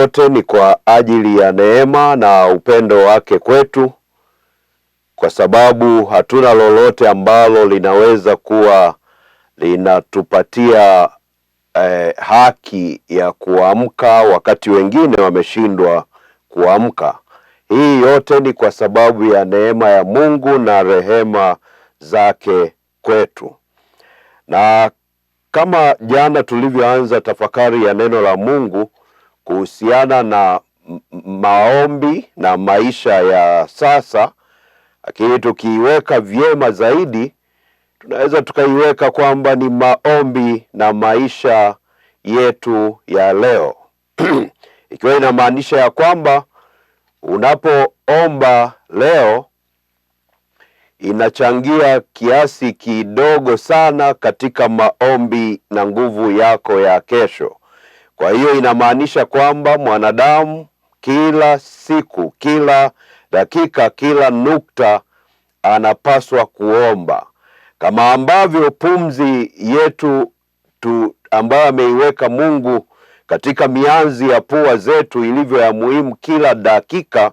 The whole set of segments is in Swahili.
yote ni kwa ajili ya neema na upendo wake kwetu, kwa sababu hatuna lolote ambalo linaweza kuwa linatupatia eh, haki ya kuamka wakati wengine wameshindwa kuamka. Hii yote ni kwa sababu ya neema ya Mungu na rehema zake kwetu. Na kama jana tulivyoanza tafakari ya neno la Mungu kuhusiana na maombi na maisha ya sasa, lakini tukiiweka vyema zaidi tunaweza tukaiweka kwamba ni maombi na maisha yetu ya leo ikiwa inamaanisha ya kwamba unapoomba leo inachangia kiasi kidogo sana katika maombi na nguvu yako ya kesho. Kwa hiyo inamaanisha kwamba mwanadamu kila siku, kila dakika, kila nukta anapaswa kuomba, kama ambavyo pumzi yetu tu ambayo ameiweka Mungu katika mianzi ya pua zetu ilivyo ya muhimu kila dakika,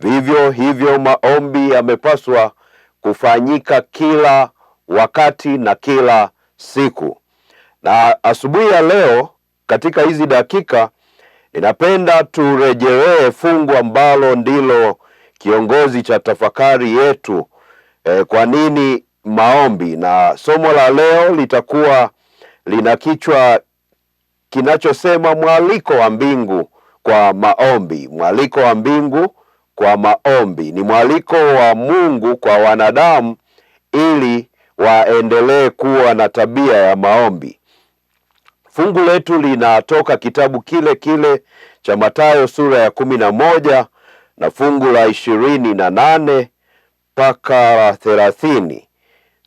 vivyo hivyo maombi yamepaswa kufanyika kila wakati na kila siku. Na asubuhi ya leo katika hizi dakika ninapenda turejelee fungu ambalo ndilo kiongozi cha tafakari yetu e, kwa nini maombi. Na somo la leo litakuwa lina kichwa kinachosema mwaliko wa mbingu kwa maombi. Mwaliko wa mbingu kwa maombi ni mwaliko wa Mungu kwa wanadamu ili waendelee kuwa na tabia ya maombi. Fungu letu linatoka kitabu kile kile cha Mathayo sura ya kumi na moja na fungu la ishirini na nane mpaka la thelathini.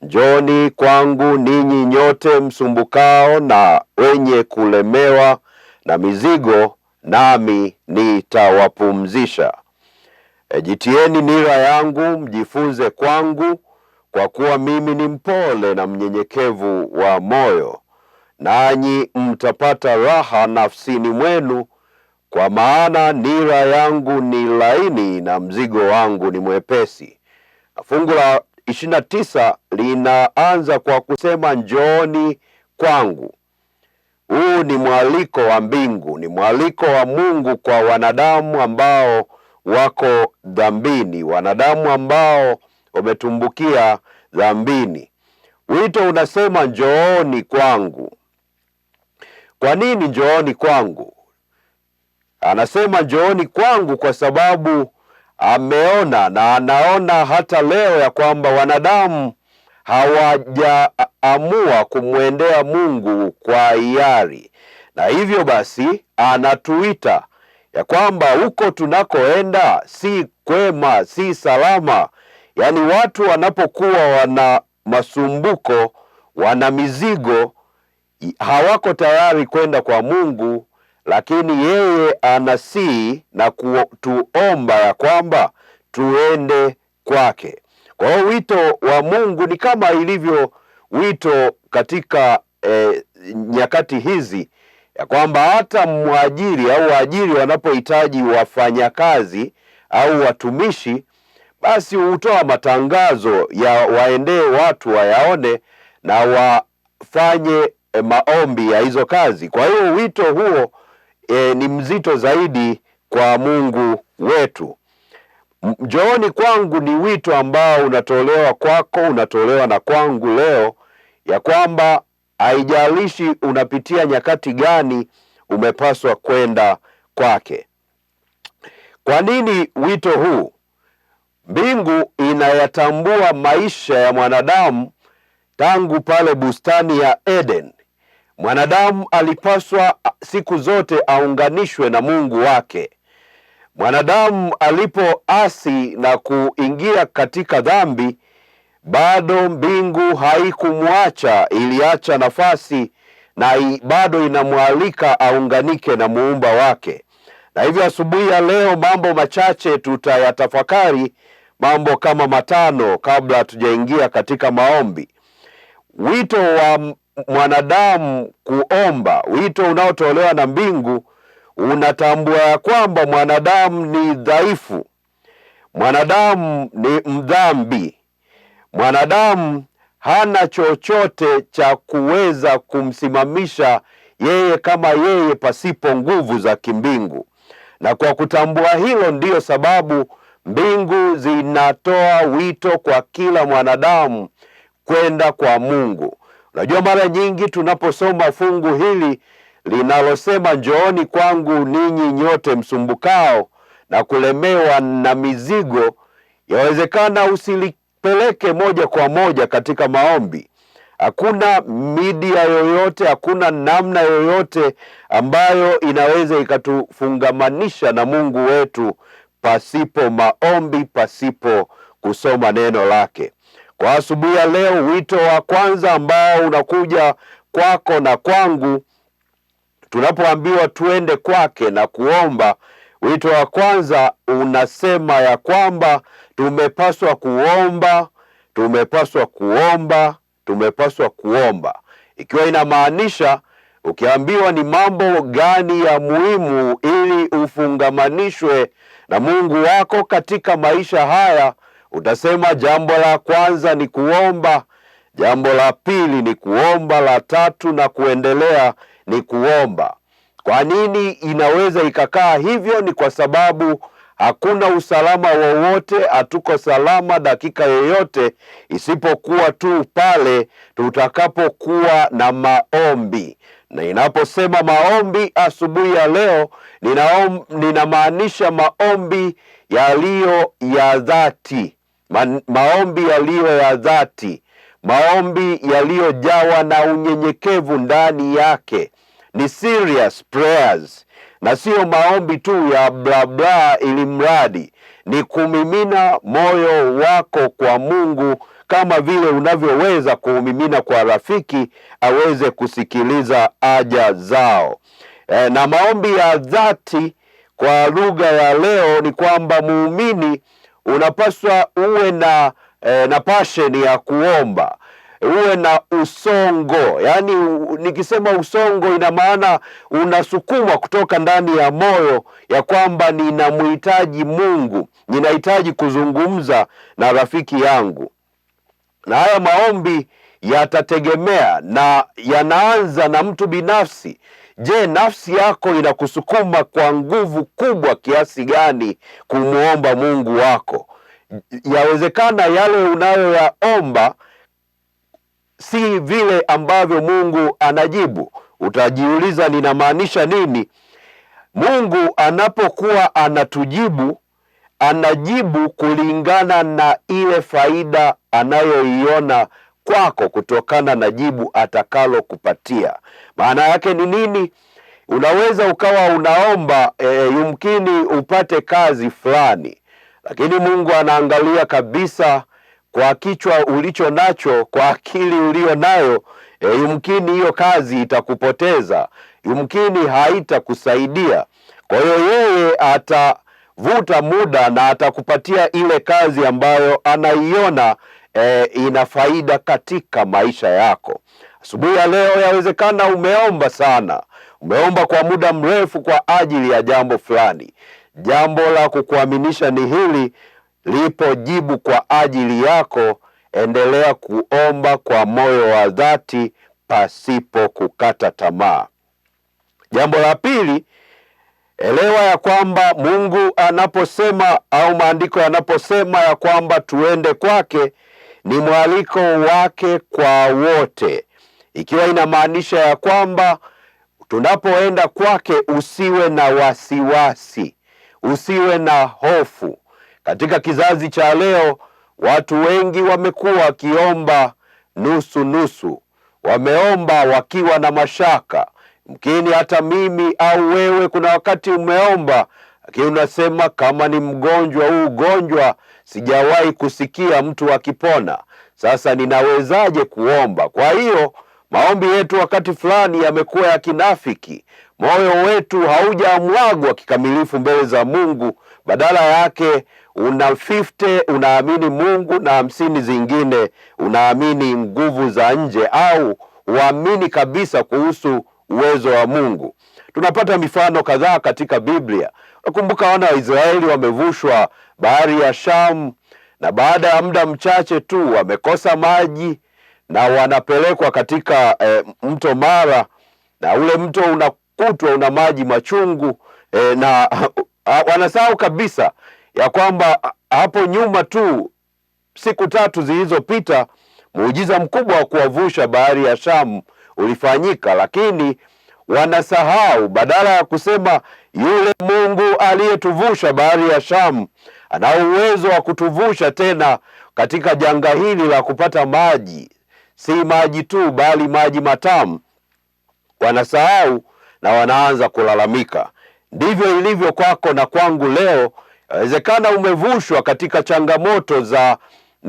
Njoni kwangu ninyi nyote msumbukao na wenye kulemewa na mizigo, nami nitawapumzisha. Jitieni nira yangu mjifunze kwangu, kwa kuwa mimi ni mpole na mnyenyekevu wa moyo, nanyi mtapata raha nafsini mwenu, kwa maana nira yangu ni laini na mzigo wangu ni mwepesi. Na fungu la 29 linaanza kwa kusema njooni kwangu. Huu ni mwaliko wa mbingu, ni mwaliko wa Mungu kwa wanadamu ambao wako dhambini, wanadamu ambao wametumbukia dhambini. Wito unasema njooni kwangu. Kwa nini njooni kwangu? Anasema njooni kwangu kwa sababu ameona na anaona hata leo ya kwamba wanadamu hawajaamua kumwendea Mungu kwa hiari, na hivyo basi anatuita ya kwamba huko tunakoenda si kwema, si salama. Yaani watu wanapokuwa wana masumbuko, wana mizigo hawako tayari kwenda kwa Mungu, lakini yeye anasii na kutuomba ya kwamba tuende kwake. Kwa hiyo wito wa Mungu ni kama ilivyo wito katika eh, nyakati hizi ya kwamba hata mwajiri au waajiri wanapohitaji wafanyakazi au watumishi, basi hutoa matangazo ya waendee watu wayaone na wafanye e, maombi ya hizo kazi. Kwa hiyo wito huo e, ni mzito zaidi kwa Mungu wetu. Njooni kwangu ni wito ambao unatolewa kwako, unatolewa na kwangu leo, ya kwamba haijalishi unapitia nyakati gani, umepaswa kwenda kwake. Kwa nini wito huu? Mbingu inayatambua maisha ya mwanadamu tangu pale bustani ya Eden Mwanadamu alipaswa siku zote aunganishwe na Mungu wake. Mwanadamu alipoasi na kuingia katika dhambi, bado mbingu haikumwacha, iliacha nafasi na bado inamwalika aunganike na muumba wake. Na hivyo asubuhi ya leo, mambo machache tutayatafakari, mambo kama matano, kabla hatujaingia katika maombi. Wito wa mwanadamu kuomba, wito unaotolewa na mbingu unatambua ya kwamba mwanadamu ni dhaifu, mwanadamu ni mdhambi, mwanadamu hana chochote cha kuweza kumsimamisha yeye kama yeye pasipo nguvu za kimbingu. Na kwa kutambua hilo, ndiyo sababu mbingu zinatoa wito kwa kila mwanadamu kwenda kwa Mungu. Unajua, mara nyingi tunaposoma fungu hili linalosema njooni kwangu ninyi nyote msumbukao na kulemewa na mizigo, yawezekana usilipeleke moja kwa moja katika maombi. Hakuna media yoyote, hakuna namna yoyote ambayo inaweza ikatufungamanisha na Mungu wetu pasipo maombi, pasipo kusoma neno lake. Kwa asubuhi ya leo, wito wa kwanza ambao unakuja kwako na kwangu, tunapoambiwa tuende kwake na kuomba, wito wa kwanza unasema ya kwamba tumepaswa kuomba, tumepaswa kuomba, tumepaswa kuomba, ikiwa inamaanisha ukiambiwa ni mambo gani ya muhimu ili ufungamanishwe na Mungu wako katika maisha haya Utasema jambo la kwanza ni kuomba, jambo la pili ni kuomba, la tatu na kuendelea ni kuomba. Kwa nini inaweza ikakaa hivyo? Ni kwa sababu hakuna usalama wowote, hatuko salama dakika yoyote, isipokuwa tu pale tutakapokuwa na maombi. Na inaposema maombi asubuhi ya leo, ninamaanisha maombi yaliyo ya dhati, Ma, maombi yaliyo ya dhati, maombi yaliyojawa na unyenyekevu ndani yake ni serious prayers, na siyo maombi tu ya bla bla ili mradi. Ni kumimina moyo wako kwa Mungu kama vile unavyoweza kuumimina kwa rafiki aweze kusikiliza haja zao. E, na maombi ya dhati kwa lugha ya leo ni kwamba muumini unapaswa uwe na, eh, na passion ya kuomba uwe na usongo. Yaani, nikisema usongo, ina maana unasukumwa kutoka ndani ya moyo ya kwamba ninamhitaji Mungu, ninahitaji kuzungumza na rafiki yangu, na haya maombi yatategemea na yanaanza na mtu binafsi. Je, nafsi yako inakusukuma kwa nguvu kubwa kiasi gani kumwomba Mungu wako? Yawezekana yale unayoyaomba si vile ambavyo Mungu anajibu. Utajiuliza, ninamaanisha nini? Mungu anapokuwa anatujibu anajibu kulingana na ile faida anayoiona kwako kutokana na jibu atakalokupatia. Maana yake ni nini? Unaweza ukawa unaomba e, yumkini upate kazi fulani, lakini Mungu anaangalia kabisa kwa kichwa ulicho nacho, kwa akili ulio nayo e, yumkini hiyo kazi itakupoteza, yumkini haitakusaidia. Kwa hiyo yeye atavuta muda na atakupatia ile kazi ambayo anaiona e, ina faida katika maisha yako. Asubuhi ya leo, yawezekana umeomba sana, umeomba kwa muda mrefu kwa ajili ya jambo fulani. Jambo la kukuaminisha ni hili, lipo jibu kwa ajili yako. Endelea kuomba kwa moyo wa dhati pasipo kukata tamaa. Jambo la pili, elewa ya kwamba Mungu anaposema au maandiko yanaposema ya kwamba tuende kwake ni mwaliko wake kwa wote, ikiwa inamaanisha ya kwamba tunapoenda kwake usiwe na wasiwasi, usiwe na hofu. Katika kizazi cha leo, watu wengi wamekuwa wakiomba nusu nusu, wameomba wakiwa na mashaka. Mkini hata mimi au wewe, kuna wakati umeomba lakini unasema kama ni mgonjwa huu ugonjwa sijawahi kusikia mtu akipona. Sasa ninawezaje kuomba? Kwa hiyo maombi yetu wakati fulani yamekuwa ya kinafiki, moyo wetu haujamwagwa kikamilifu mbele za Mungu, badala yake una 50 unaamini Mungu na hamsini zingine unaamini nguvu za nje, au uamini kabisa kuhusu uwezo wa Mungu. Tunapata mifano kadhaa katika Biblia. Nakumbuka wana wa Israeli wamevushwa bahari ya Shamu, na baada ya muda mchache tu wamekosa maji na wanapelekwa katika e, mto Mara, na ule mto unakutwa una maji machungu e, na wanasahau kabisa ya kwamba hapo nyuma tu siku tatu zilizopita muujiza mkubwa wa kuwavusha bahari ya Shamu ulifanyika, lakini wanasahau, badala ya kusema yule Mungu aliyetuvusha bahari ya Shamu anao uwezo wa kutuvusha tena katika janga hili la kupata maji, si maji tu, bali maji matamu. Wanasahau na wanaanza kulalamika. Ndivyo ilivyo kwako na kwangu leo. Inawezekana umevushwa katika changamoto za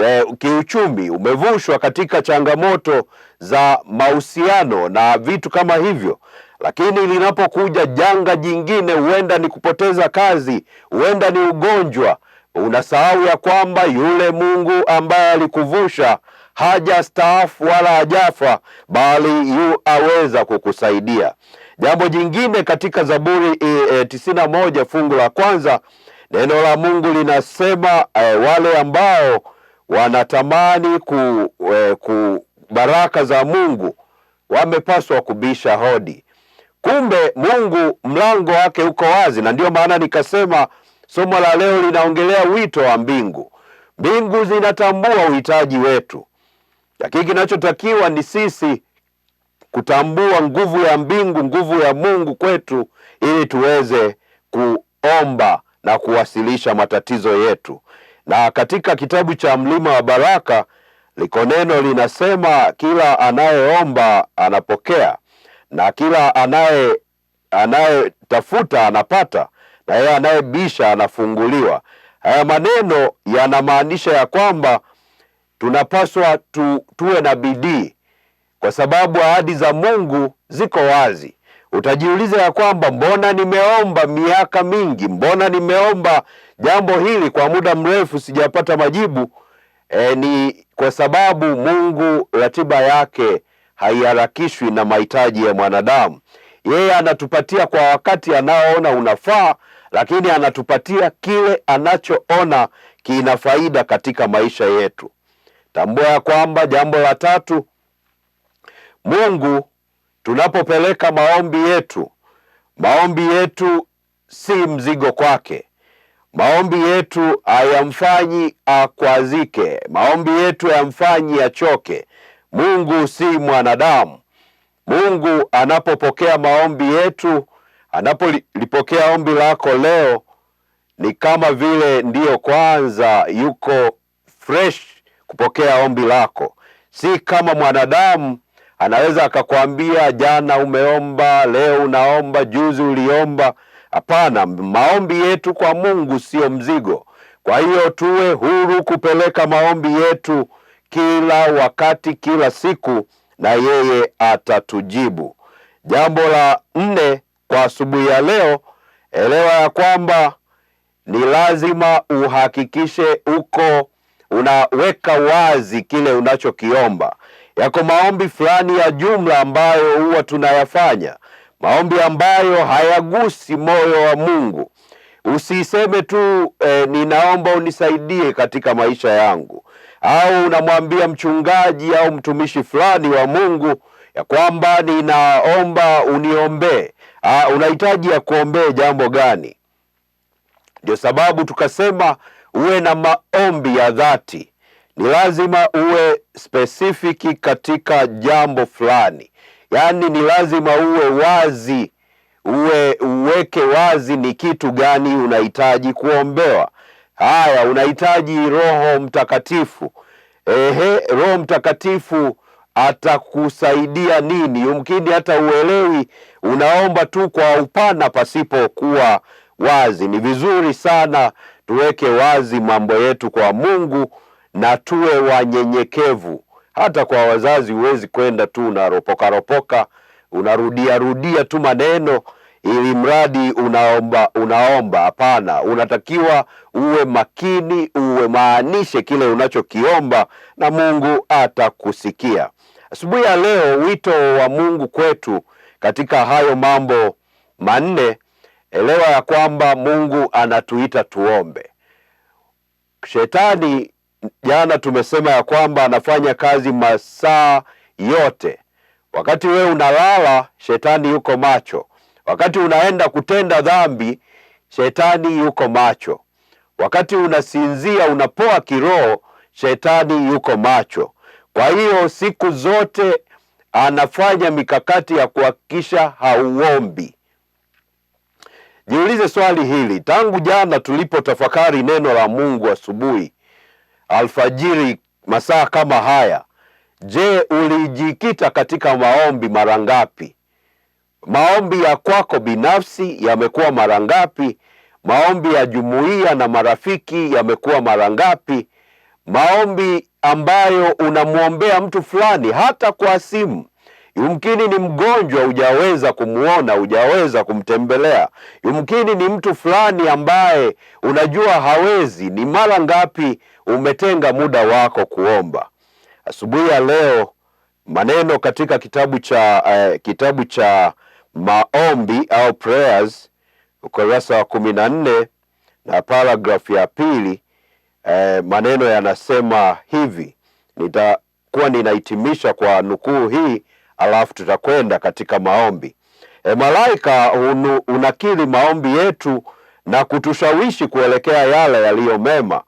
e, kiuchumi umevushwa katika changamoto za mahusiano na vitu kama hivyo, lakini linapokuja janga jingine, huenda ni kupoteza kazi, huenda ni ugonjwa, unasahau ya kwamba yule Mungu ambaye alikuvusha haja staafu wala hajafa, bali yu aweza kukusaidia. Jambo jingine katika Zaburi e, e, tisini na moja fungu la kwanza neno la Mungu linasema e, wale ambao wanatamani ku, e, ku baraka za Mungu wamepaswa kubisha hodi. Kumbe Mungu mlango wake uko wazi, na ndiyo maana nikasema Somo la leo linaongelea wito wa mbingu. Mbingu zinatambua uhitaji wetu, lakini kinachotakiwa ni sisi kutambua nguvu ya mbingu, nguvu ya Mungu kwetu, ili tuweze kuomba na kuwasilisha matatizo yetu. Na katika kitabu cha Mlima wa Baraka liko neno linasema, kila anayeomba anapokea na kila anaye anayetafuta anapata na yeye anayebisha anafunguliwa. Haya maneno yana maanisha ya kwamba tunapaswa tu, tuwe na bidii kwa sababu ahadi za Mungu ziko wazi. Utajiuliza ya kwamba mbona nimeomba miaka mingi, mbona nimeomba jambo hili kwa muda mrefu sijapata majibu? E, ni kwa sababu Mungu ratiba yake haiharakishwi na mahitaji ya mwanadamu. Yeye anatupatia kwa wakati anaoona unafaa, lakini anatupatia kile anachoona kina faida katika maisha yetu. Tambua ya kwamba jambo la tatu, Mungu tunapopeleka maombi yetu, maombi yetu si mzigo kwake. Maombi yetu hayamfanyi akwazike, maombi yetu hayamfanyi achoke. Mungu si mwanadamu. Mungu anapopokea maombi yetu Anapolipokea ombi lako leo, ni kama vile ndiyo kwanza yuko fresh kupokea ombi lako. Si kama mwanadamu anaweza akakwambia jana umeomba, leo unaomba, juzi uliomba. Hapana, maombi yetu kwa Mungu siyo mzigo. Kwa hiyo tuwe huru kupeleka maombi yetu kila wakati, kila siku, na yeye atatujibu. Jambo la nne kwa asubuhi ya leo, elewa ya kwamba ni lazima uhakikishe uko unaweka wazi kile unachokiomba. Yako maombi fulani ya jumla ambayo huwa tunayafanya, maombi ambayo hayagusi moyo wa Mungu. Usiseme tu eh, ninaomba unisaidie katika maisha yangu, au unamwambia mchungaji au mtumishi fulani wa Mungu ya kwamba ninaomba uniombee. Ah, unahitaji ya kuombea jambo gani? Ndio sababu tukasema uwe na maombi ya dhati. Ni lazima uwe specific katika jambo fulani, yaani ni lazima uwe wazi, uwe uweke wazi ni kitu gani unahitaji kuombewa. Haya, unahitaji Roho Mtakatifu. Ehe, Roho Mtakatifu atakusaidia nini? Yumkini hata uelewi, unaomba tu kwa upana pasipokuwa wazi. Ni vizuri sana tuweke wazi mambo yetu kwa Mungu na tuwe wanyenyekevu. Hata kwa wazazi, huwezi kwenda tu unaropokaropoka, unarudiarudia tu maneno ili mradi unaomba unaomba. Hapana, unatakiwa uwe makini, uwe maanishe kile unachokiomba na Mungu atakusikia. Asubuhi ya leo wito wa Mungu kwetu katika hayo mambo manne, elewa ya kwamba Mungu anatuita tuombe. Shetani jana tumesema ya kwamba anafanya kazi masaa yote. Wakati wewe unalala, shetani yuko macho. Wakati unaenda kutenda dhambi, shetani yuko macho. Wakati unasinzia, unapoa kiroho, shetani yuko macho. Kwa hiyo siku zote anafanya mikakati ya kuhakikisha hauombi. Jiulize swali hili, tangu jana tulipotafakari neno la Mungu asubuhi, alfajiri, masaa kama haya, je, ulijikita katika maombi mara ngapi? Maombi ya kwako binafsi yamekuwa mara ngapi? Maombi ya jumuiya na marafiki yamekuwa mara ngapi? Maombi ambayo unamwombea mtu fulani, hata kwa simu. Yumkini ni mgonjwa, hujaweza kumwona, hujaweza kumtembelea. Yumkini ni mtu fulani ambaye unajua hawezi. Ni mara ngapi umetenga muda wako kuomba? Asubuhi ya leo maneno katika kitabu cha eh, kitabu cha maombi au prayers ukurasa wa kumi na nne na paragrafu ya pili eh, maneno yanasema hivi. Nitakuwa ninahitimisha kwa nukuu hii, alafu tutakwenda katika maombi. E, malaika unu, unakili maombi yetu na kutushawishi kuelekea yale yaliyo mema.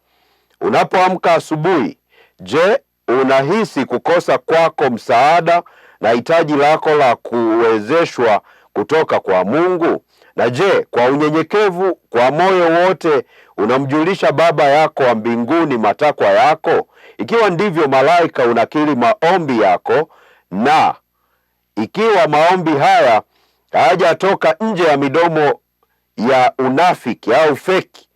Unapoamka asubuhi, je, unahisi kukosa kwako msaada na hitaji lako la kuwezeshwa kutoka kwa Mungu? Na je, kwa unyenyekevu kwa moyo wote unamjulisha Baba yako wa mbinguni matakwa yako? Ikiwa ndivyo, malaika unakiri maombi yako, na ikiwa maombi haya hayajatoka nje ya midomo ya unafiki au feki,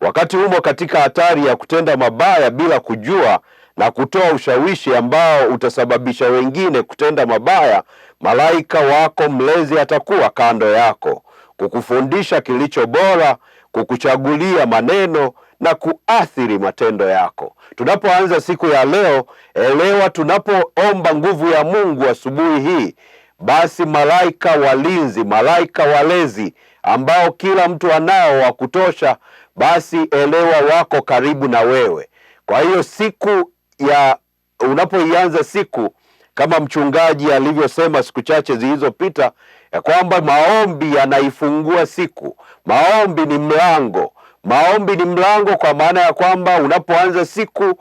wakati humo katika hatari ya kutenda mabaya bila kujua na kutoa ushawishi ambao utasababisha wengine kutenda mabaya malaika wako mlezi atakuwa kando yako kukufundisha kilicho bora, kukuchagulia maneno na kuathiri matendo yako. Tunapoanza siku ya leo, elewa, tunapoomba nguvu ya Mungu asubuhi hii, basi malaika walinzi, malaika walezi ambao kila mtu anao wa kutosha, basi elewa wako karibu na wewe. Kwa hiyo siku ya unapoianza siku kama mchungaji alivyosema siku chache zilizopita ya kwamba maombi yanaifungua siku. Maombi ni mlango, maombi ni mlango, kwa maana ya kwamba unapoanza siku,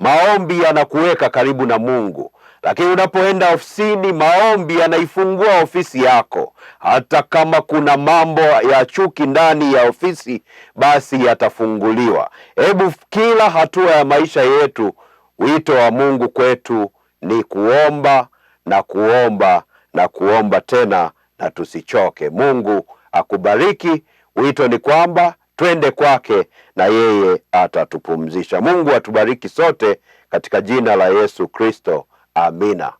maombi yanakuweka karibu na Mungu. Lakini unapoenda ofisini, maombi yanaifungua ofisi yako. Hata kama kuna mambo ya chuki ndani ya ofisi, basi yatafunguliwa. Hebu kila hatua ya maisha yetu, wito wa Mungu kwetu ni kuomba na kuomba na kuomba tena na tusichoke. Mungu akubariki. Wito ni kwamba twende kwake na yeye atatupumzisha. Mungu atubariki sote katika jina la Yesu Kristo. Amina.